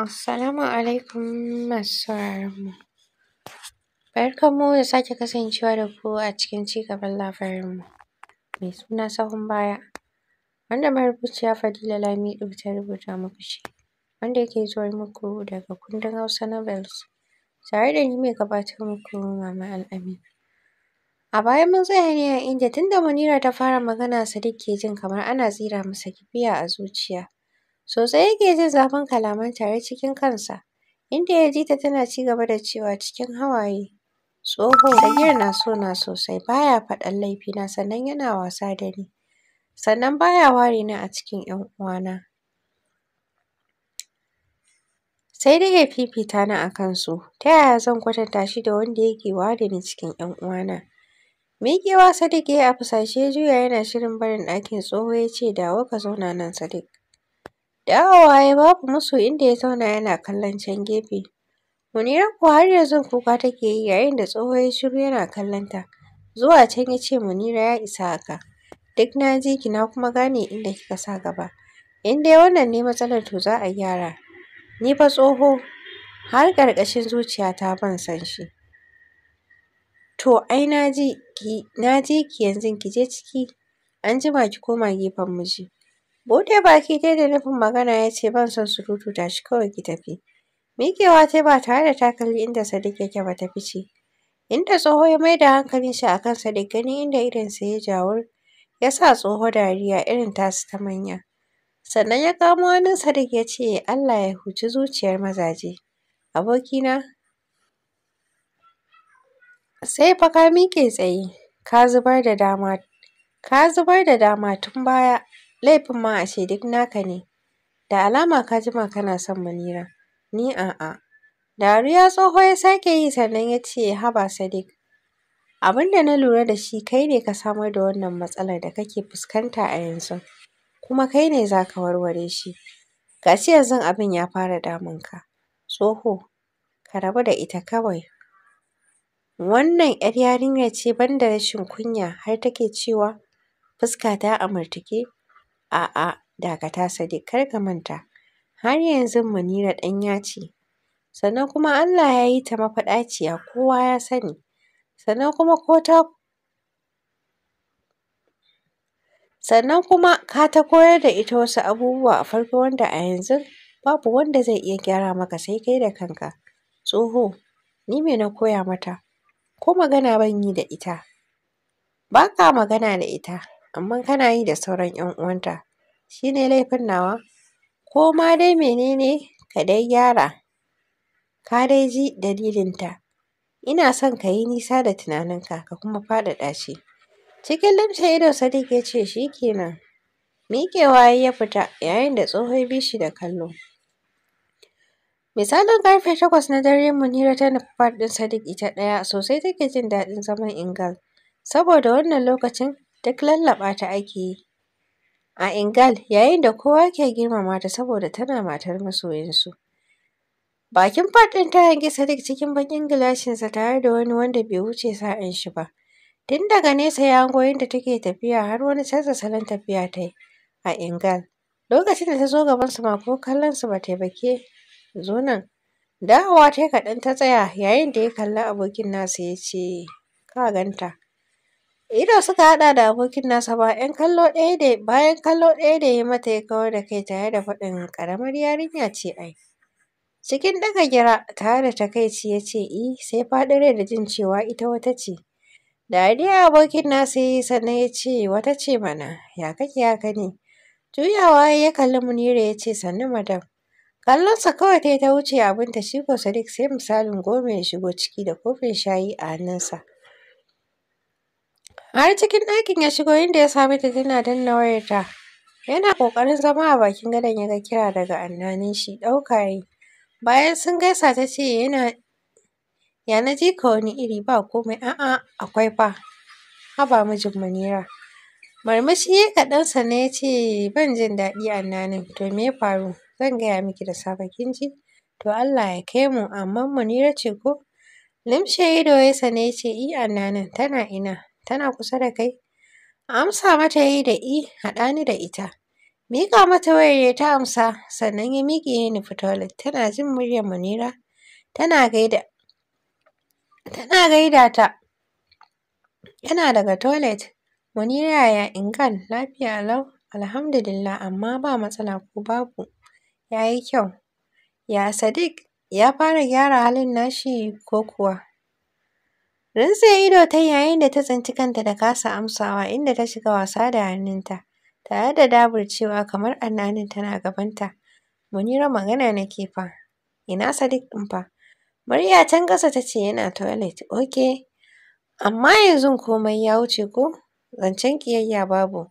Assalamu alaikum masu sauraron mu. Barkan mu da sake kasancewa da ku a cikin cigaban labarin mu mai suna sahun baya wanda marubuciya Fadila Lamido ta rubuta muku shi wanda yake zuwar muku daga kundin Hausa Novels tare da ni mai gabatar muku Mama Al'amin. A baya mun tsaya ne a inda tunda Munira ta fara magana Sadiq ke jin kamar ana tsira masa kibiya a zuciya Sosai yake jin zafin kalaman tare cikin kansa, inda ya ji ta tana ci gaba da cewa cikin hawaye, “Tsoho, Sagir na so na sosai, baya ya faɗan laifina sannan yana wasa da ni, sannan baya ware ni a cikin ‘yan uwana, sai dai ya fifita ni a kansu. Ta yaya zan kwatanta shi da wanda yake ware ni cikin ‘yan uwana?” Miƙewa Sadiq ya a fusace juya yana shirin barin ɗakin, Tsoho ya ce, “Dawo ka zauna nan Sadiq, Dawowa ya babu musu inda ya zauna yana kallon can gefe. Munira kuwa har yanzu kuka take yi yayin da tsoho ya shiru yana kallon ta. Zuwa can ya ce Munira ya isa haka. Duk na ji ki na kuma gane inda kika sa gaba. In dai wannan ne matsalar to za a gyara. Ni fa tsoho har ƙarƙashin ta ban san shi. To ai na ji ki yanzu ki je ciki an jima ki koma gefen miji. Buɗe baki dai da nufin magana ya ce ban son surutu tashi kawai ki tafi. Miƙewa ta ba tare da ta kalli inda Sadiq yake ba ta fice. Inda tsoho ya da hankalin shi akan kan Sadiq ganin inda idonsa ya jawur ya sa tsoho dariya irin tasu ta manya. Sannan ya kamo hannun Sadiq ya ce Allah ya huci zuciyar mazaje. Abokina sai fa ka miƙe tsaye ka zubar da dama ka zubar da dama tun baya. Laifin ma a duk naka ne. Da alama ka jima kana son Munira. Ni a'a. Dariya tsoho ya sake yi sannan ya ce haba Sadiq. Abin da na lura da shi kai ne ka samar da wannan matsalar da kake fuskanta a yanzu. Kuma kai ne za ka warware shi. Ga shi yanzu abin ya fara damun ka. Tsoho, ka rabu da ita kawai. Wannan 'yar yarinya ce banda rashin kunya har take cewa Fuska ta murtuke A'a, dakata Sadiq kar ka manta, har yanzu Munira ɗanya ce, sannan kuma Allah ya yi ta mafaɗaciya kowa ya sani, sannan kuma ko ta sannan kuma ka ta koyar da ita wasu abubuwa a farko wanda a yanzu babu wanda zai iya gyara maka sai kai da kanka. Tsoho, ni me na koya mata? Ko magana ban yi da ita, ba ka magana da ita. amma kana yi da sauran 'yan uwanta shi ne laifin nawa ko ma dai mene ne ka dai gyara ka dai ji dalilinta ina son ka yi nisa da tunaninka ka kuma faɗaɗa shi cikin limshe ido sadiq ya ce shi kenan miƙewa ya fita yayin da tsoho ya bi shi da kallo Misalin karfe takwas na dare Munira ta nufi fat ɗin Sadiq ita ɗaya sosai take jin daɗin zaman Ingal. Saboda wannan lokacin duk lallaɓa ta ake yi a Ingal yayin da kowa ke girmama ta saboda tana matar masoyinsu. Bakin faɗin ta hangi Sadiq cikin bakin gilashinsa tare da wani wanda bai wuce sa'in shi ba. Tun daga nesa ya hango yadda take tafiya har wani canza salon tafiya ta yi a Ingal. Lokacin da ta zo su ma ko su ba ta yi ba ke zo nan. Dawowa ta yi kaɗan ta tsaya yayin da ya kalli abokin nasa ya ce ka ganta. Ido suka haɗa da abokin nasa ba ‘yan kallo ɗaya da bayan kallo ɗaya da ya mata ya kawar da kai tare da faɗin ƙaramar yarinya ce ai. Cikin ɗaga gira tare da takaici ya ce i sai faɗi da jin cewa ita wata ce. Dariya abokin nasa yi sannan ya ce wata ce mana ya kake ya kani?" Juyawa ya kalli Munira ya ce sannu madam. Kallonsa kawai ta ta wuce abinta shi ko Sadiq sai misalin goma ya shigo ciki da kofin shayi a hannunsa. Har cikin ɗakin ya shigo inda ya sami ta tana danna wayarta. Yana ƙoƙarin zama a bakin gadon ya ga kira daga annanin shi ɗauka yi. Bayan sun gaisa ta ce yana ya na ji ka wani iri ba komai a'a akwai fa. Haba mijin Munira. Marmashi ya kaɗansa ne ya ce ban jin daɗi annanin to me ya faru zan gaya miki da safe kin ji. To Allah ya kai mu amma manira ce ko? Limshe ido ya sane ce i annanin tana ina tana kusa da kai? Amsa mata ya yi da i haɗa ni da ita. Miƙa mata wayar ta amsa sannan ya miƙe ni nufi toilet tana jin muryar Munira tana gaida tana gaida ta. Yana daga toilet Munira yaya Ingan lafiya lau alhamdulillah amma ba matsala ko babu ya yi kyau. Ya Sadiq ya fara gyara halin nashi ko kuwa? Rintsaye ido ta yayin da ta tsinci kanta da kasa amsawa inda ta shiga wasa da hannunta tare da cewa kamar annanin tana gabanta. Munira magana nake fa, ina Sadiq ɗin fa? Murya can ƙasa ta ce yana toilet, ok. Amma yanzu komai ya wuce ko? Zancen kiyayya babu.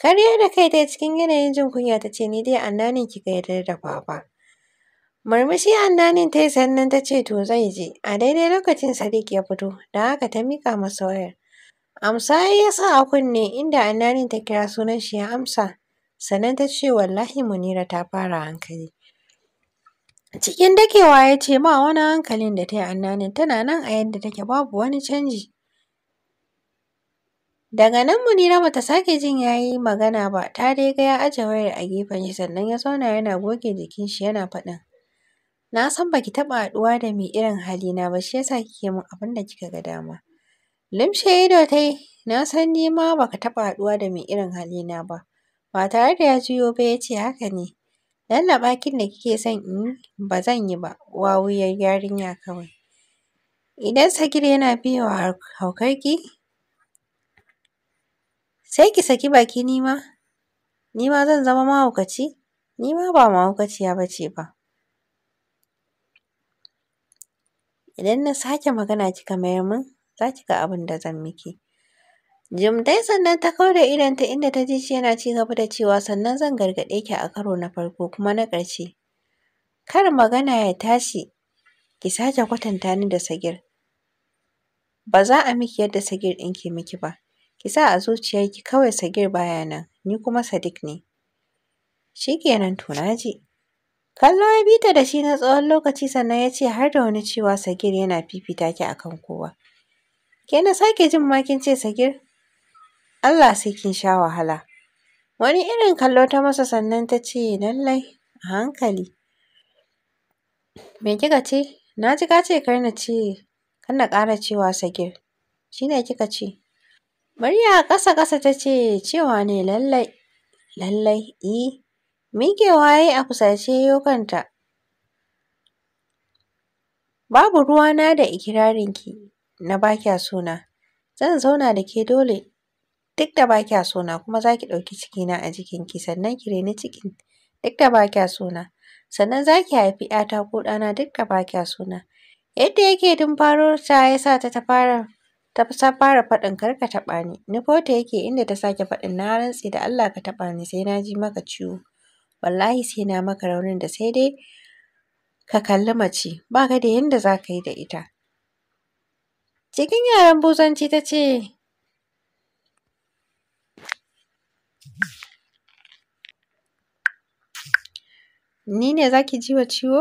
Karyar da kai ta cikin yanayin jin kunya ta ce ni dai annanin ki yarda da baba. Murmushi annanin ta yi sannan ta ce to zai je. A daidai lokacin Sadiq ya fito, da haka ta miƙa masa wayar. Amsa ya sa a kunne inda annanin ta kira sunan shi ya amsa. Sannan ta ce wallahi Munira ta fara hankali. Cikin dakewa ya ce ba wani hankalin da ta yi Hannanin tana nan a yadda take babu wani canji. Daga nan Munira bata sake jin ya yi magana ba, ta dai ga ya aje wayar a gefen shi sannan ya zauna yana goge jikin shi yana faɗin. Na san baki taɓa haɗuwa da mai irin halina ba shi yasa kike min abin da kika ga dama. Limshe ido tai, na san ni ma baka taɓa haɗuwa da mai irin halina ba. Ba tare da ya juyo ba ya ce haka ne. Lallaɓa kin da kike son in yi ba zan yi ba, wawuyar yarinya kawai. Idan Sagir yana biye wa haukarki, sai ki saki baki ni ma, ni ma zan zama mahaukaci? Ni ma ba mahaukaciya ba ce ba. Idan na sake magana kika mayar min, za ki ga abin da zan miki. Jim dai sannan ta kau da idonta inda ta ji shi yana ci gaba da cewa sannan zan gargaɗe ki a karo na farko kuma na ƙarshe. Kar magana ya tashi ki sake kwatanta ni da Sagir. Ba za a miki yadda Sagir ɗin ke miki ba. Ki sa a zuciyarki kawai Sagir baya nan, ni kuma Sadiq ne. Shi kenan to na Kallo ya bi ta da shi na tsawon lokaci sannan ya ce har da wani cewa Sagir yana fifita ki akan kowa. Ke na sake jin ma kin ce Sagir? Allah sai kin sha wahala. Wani irin kallo ta masa sannan ta ce lallai a hankali. Me kika ce? Na ji ka ce kar na ce kar na ƙara cewa Sagir. Shi ne kika ce? Murya ƙasa-ƙasa ta ce cewa ne lallai lallai eh. Mike waye a kusace yokanta Babu ruwa na ruwana da ikirarinki na ba kya suna. Zan zauna da ke dole duk da ba kya suna kuma za ki ɗauki cikina a jikinki sannan ki reni cikin duk da ba kya suna Sannan za ki haifi ‘yata ko ɗana duk da ba kya suna. Yadda yake dumfaro ta ya sa ta fara ta fara faɗin kar ka taɓa ni. ko ta yake inda ta sake faɗin na rantse da Allah ka taɓa ni sai na ji maka ciwo. wallahi sai na maka raunin da sai dai ka kalli mace ba ka da yanda za ka yi da ita. Cikin yaren buzanci ta ce, Ni ne za ki ji wa ciwo?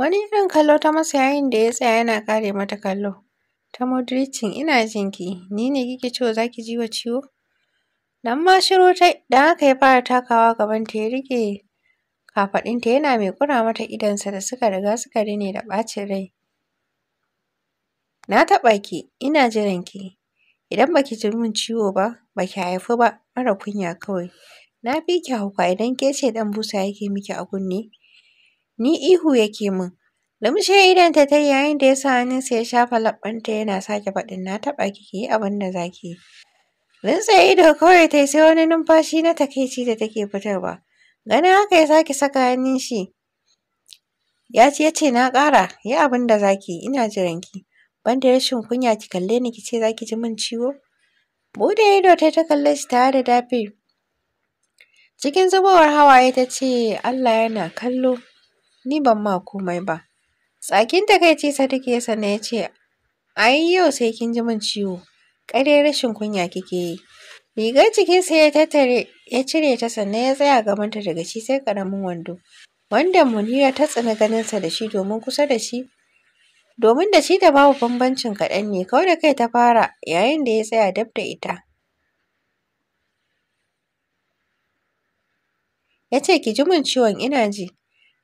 Wani irin kallo ta masa yayin da ya tsaya yana kare mata kallo. Ta modiricin ina jin ki, ni ne kike cewa za ki ji wa ciwo? Dan ma shiru ta da haka ya fara takawa gaban ta ya riƙe ta, yana mai kura mata sa da suka riga suka rine da ɓacin rai. Na taɓa ki, ina jiran ki. Idan baki ji min ciwo ba, baki haifi ba, mara kunya kawai. Na fi ki hauka idan ke ce ɗan busa yake miki a kunne. Ni ihu yake min. Lumshe idonta ta yi yayin da ya sa ya shafa ta yana sake faɗin na taba ki, ki yi abin da za ki yi. Rinsa ido kawai ta yi sai wani numfashi na takaici da take fitarwa. Ganin haka ya sake saka hannun shi. Ya ce ya ce na ƙara, yi abin da za ki yi, ina jiran ki. Ban da rashin kunya ki kalle ni ki ce za ki ji min ciwo. Bude ido ta ta kalle shi tare da dafe. Cikin zubowar hawaye ta ce Allah yana kallo, ni ban ma komai ba. Tsakin takaici sadiki ya sanna ya ce ai yau sai kin ji min ciwo. Kare rashin kunya kike yi. Rigar jikinsa ya tattare ya cire ta sannan ya tsaya ta daga shi sai ƙaramin wando. Wanda Munira ta tsani ganinsa da shi domin kusa da shi domin da shi da babu bambancin kaɗan ne kawai da kai ta fara yayin da ya tsaya dab da ita. Ya ce ki ji min ciwon ina ji.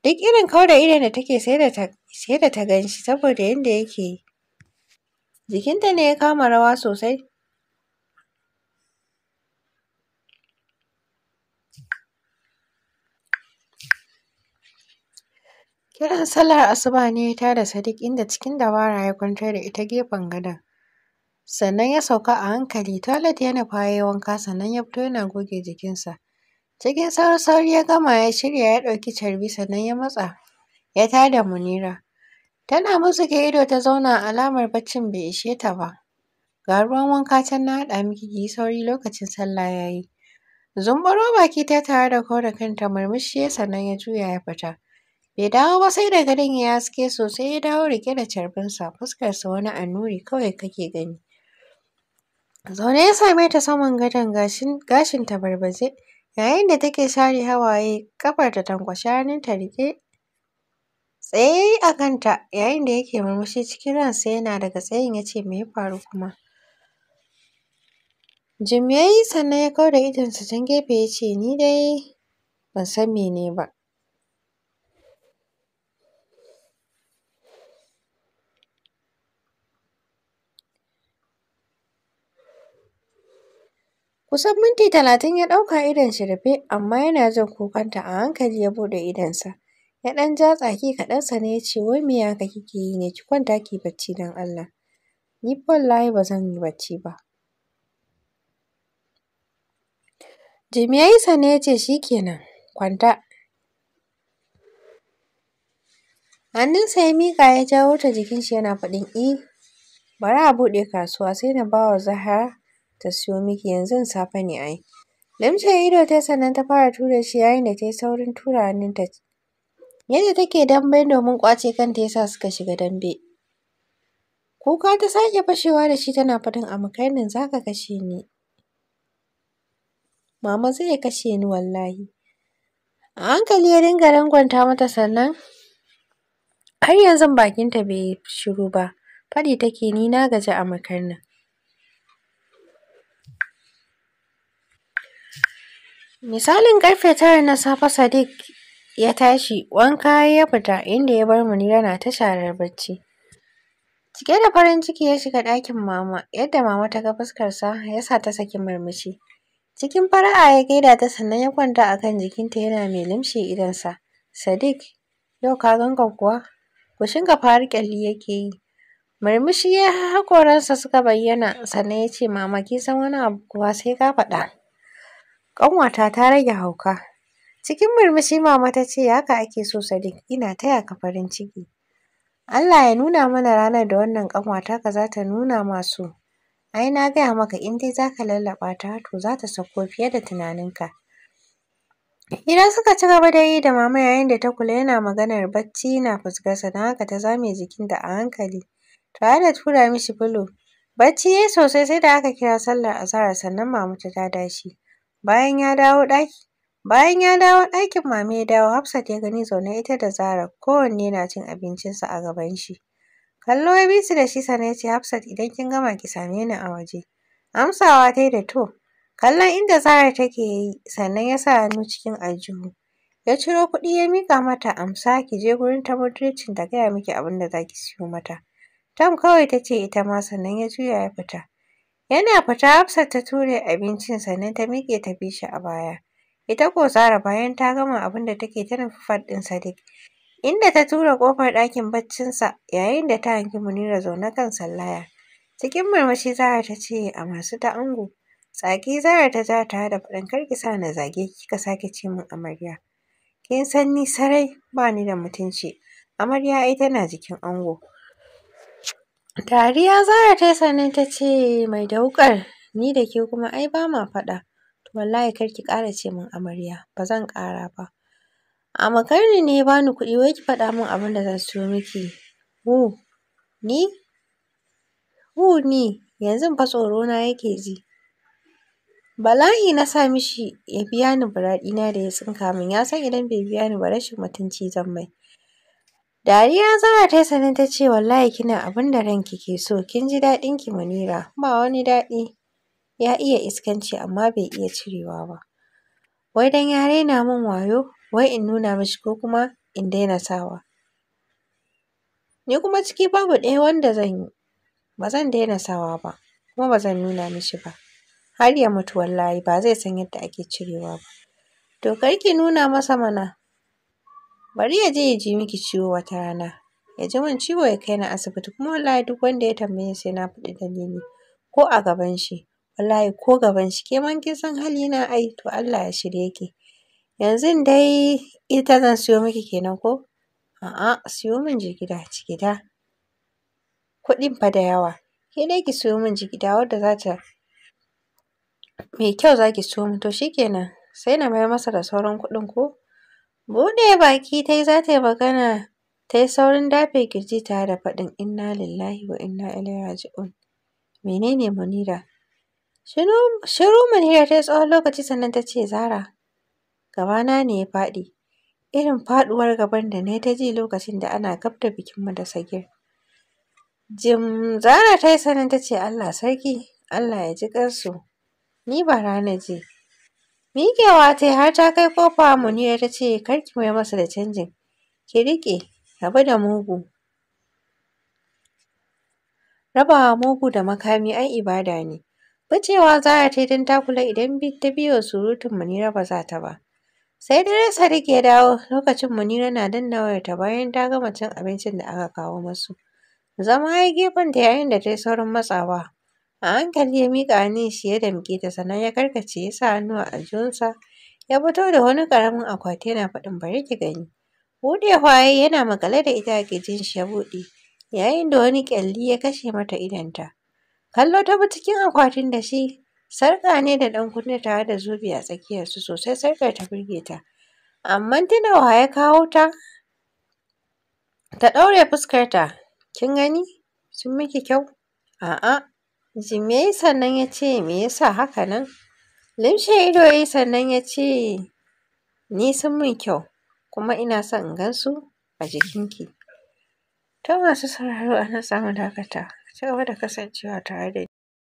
Duk irin kawai idon da take da ta sai da ta gan shi saboda yanda yake yi. Jikinta ne ya kama rawa sosai. Kiran sallar asuba ne ya tada Sadiq inda cikin dabara ya kwantar da ita gefen gadon. Sannan ya sauka a hankali toilet ya nufa ya yi wanka sannan ya fito yana goge jikinsa. Cikin sauri-sauri ya gama ya shirya ya ɗauki carbi sannan ya matsa ya tada Munira. Tana musu ke ido ta zauna alamar baccin bai ishe ta ba. Ga ruwan wanka can na haɗa miki kiyi sauri lokacin sallah ya yi. Zumburo baki ta tare da kore kanta murmushi ya sannan ya juya ya fita. Bai dawo ba sai da gadon ya haske sosai ya dawo rike da carbinsa sa wani annuri kawai kake gani. Zaune ya same ta saman gadon gashin ta barbaze yayin da take share hawaye ƙafarta tankwashe ta riƙe tsaye a kanta yayin da yake murmushi cikin ransa yana daga tsayin ya ce me ya faru kuma. Jim ya yi sannan ya kau da idonsa can gefe ya ce ni dai ban san mene ba. Kusan minti talatin ya ɗauka idon shi rufe amma yana jin kukanta a hankali ya buɗe idonsa. Ya ɗan ja tsaki kaɗan sannan ya ce, wai me haka kike yi ne, ki kwanta ki bacci don Allah. Ni fa wallahi ba zan yi bacci ba. Jimi ya yi sane ya ce, shi kenan, kwanta. Hannunsa ya miƙa ya jawo ta jikin shi yana faɗin i e, bari a buɗe kasuwa sai na bawa Zahra ta siyo miki yanzu safe ne ai. Limce ido ta sannan ta fara tura shi yayin da ta yi saurin tura hannunta Yadda take dambe domin kwace kanta yasa suka shiga dambe. Kuka ta sake fashewa da shi tana faɗin a nan za ka kashe ni. Mama zai kashe ni wallahi. A hankali ya dinga rangwanta mata sannan har yanzu bakinta bai shiru ba. Faɗi take ni na gaji a nan. Misalin karfe tara na safe Sadiq ya tashi wanka ya fita inda ya bar mu ni yana ta sharar bacci. Cike da farin ciki ya shiga ɗakin mama yadda mama ta ga fuskarsa ya sa ta saki murmushi. Cikin fara'a ya gaida ta sannan ya kwanta a kan jikinta yana mai limshe idonsa. Sadiq yau ka ganka kuwa? Ku fa har ƙyalli yake yi. Murmushi ya haƙoransa suka bayyana sannan ya ce mama kin san wani abu kuwa sai ka faɗa. Ƙanwata ta rage hauka Cikin murmushi mama ta ce haka ake so Sadiq ina taya ka farin ciki. Allah ya nuna mana ranar da wannan kanwata ka za ta nuna masu. Ai na gaya maka in dai za ka lallaɓa ta to za ta sauko fiye da tunaninka. Idan suka ci gaba da yi da mama yayin da ta kula yana maganar bacci na fuskarsa don haka ta zame jikin da a hankali tare da tura mishi filo. Bacci ya yi sosai sai da aka kira sallar azahar sannan mama ta tada shi. Bayan ya dawo ɗaki Bayan ya dawo ɗakin mama ya dawo Hafsat ya gani zaune ita da Zara kowanne na cin abincinsa a gaban shi. Kallo ya bi su da shi sannan ya ce Hafsat idan kin gama ki same ni a waje. Amsawa ta yi da to. Kallon inda Zara take yi sannan ya sa hannu cikin aljihu. Ya ciro kuɗi ya miƙa mata amsa ki je gurin ta budurcin ta gaya miki abin da za ki siyo mata. Tam kawai ta ce ita ma sannan ya juya ya fita. Yana fita Hafsat ta ture abincin sannan ta miƙe ta bi shi a baya. Ita ko Zara bayan ta gama abin da take ta nufi fat Sadiq. Inda ta tura ƙofar ɗakin baccinsa yayin da ta hangi Munira zaune kan sallaya. Cikin murmushi Zara ta ce a masu ta ango. Tsaki Zara ta ja tare da faɗin kar ki sa na zage kika sake ce min amarya. Kin san ni sarai ba ni da mutunci. Amarya ai tana jikin ango. Dariya Zara ta yi sannan ta ce mai da ni da ke kuma ai ba ma faɗa. Wallahi kar ki ƙara ce min amarya, ba zan ƙara ba. A makarni ne ya bani kuɗi wai ki faɗa min abin da zan siyo miki. Wu, ni? yanzu ni, yanzu fa tsoro na yake ji. Balahi na sa mishi ya biya ni buraɗina da ya tsinka min. Ya san idan bai biya ni ba rashin mutunci zan mai. Dariya Zara ta yi sannan ta ce wallahi kina abin da ranki ke so, kin ji daɗin ki Munira, ba wani daɗi. ya iya iskanci amma bai iya cirewa ba. Wai dan ya raina min wayo wai in nuna mishi ko kuma in daina sawa. Ni kuma ciki babu ɗaya wanda zan yi. Ba zan daina sawa ba kuma ba zan nuna mishi ba. Har ya mutu wallahi ba zai san yadda ake cirewa ba. To kar ki nuna masa mana. Bari ya je ya ji miki ciwo wata rana. Ya ji min ciwo ya kai ni asibiti kuma wallahi duk wanda ya tambaye sai na faɗi dalili ko a gaban shi. wallahi ko gaban shi ke man kin san halina ai to Allah ya shirye ki yanzu dai ita zan siyo miki kenan ko a'a siyo min jigida gida kuɗin fa da yawa ke dai ki siyo min jigida wadda za ta mai kyau za ki siyo min to shikenan sai na mayar masa da sauran kuɗin ko Bude, baki ta yi za ta yi magana ta yi saurin dafe kirji tare da faɗin inna lillahi wa inna ilaihi raji'un menene munira Shiru Manira ta yi tsawon lokaci sannan ta ce, Zara, gabana ne ya faɗi. Irin faɗuwar gaban da na yi ta ji lokacin da ana gab da bikinmu da Sagir. Jim Zara ta yi sannan ta ce, Allah sarki, Allah ya ji ƙarsu. Ni ba rana ji. Mikewa ta yi har ta kai ƙofa Munira ta ce, Kar ki mai masa da canjin. Ki riƙe, rabu da mugu. Rabawa mugu da makami ai ibada ne. Bacewa za ta yi don takula kula idan ta biyo surutun Munira ba za ta ba. Sai dare Sadiq ya dawo lokacin Munira na danna wayarta bayan ta gama cin abincin da aka kawo masu. Zama ya gefen ta yayin da ta yi saurin matsawa. A hankali ya miƙa hannun shi ya damƙe ta sannan ya karkace ya sa hannu a aljihunsa ya fito da wani ƙaramin akwati yana faɗin bari ki gani. Buɗe waye yana maƙale da ita a ƙirjin shi ya buɗe yayin da wani ƙyalli ya kashe mata idonta. Kallo ta bi cikin akwatin da shi sarƙa ne da ɗan kunne tare da zobe a tsakiyarsu sosai sarka ta burge ta. Amma tuna wa ya kawo ta ta ɗaure fuskarta. Kin gani sun miki kyau? A'a. Jime sannan ya ce me yasa haka nan? Limshe ido yayi sannan ya ce ni sun min kyau kuma ina son in gan su a jikinki. Ta masu sauraro a nan dakata. Ci gaba da kasancewa tare da ni.